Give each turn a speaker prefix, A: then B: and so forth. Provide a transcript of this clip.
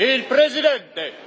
A: Il presidente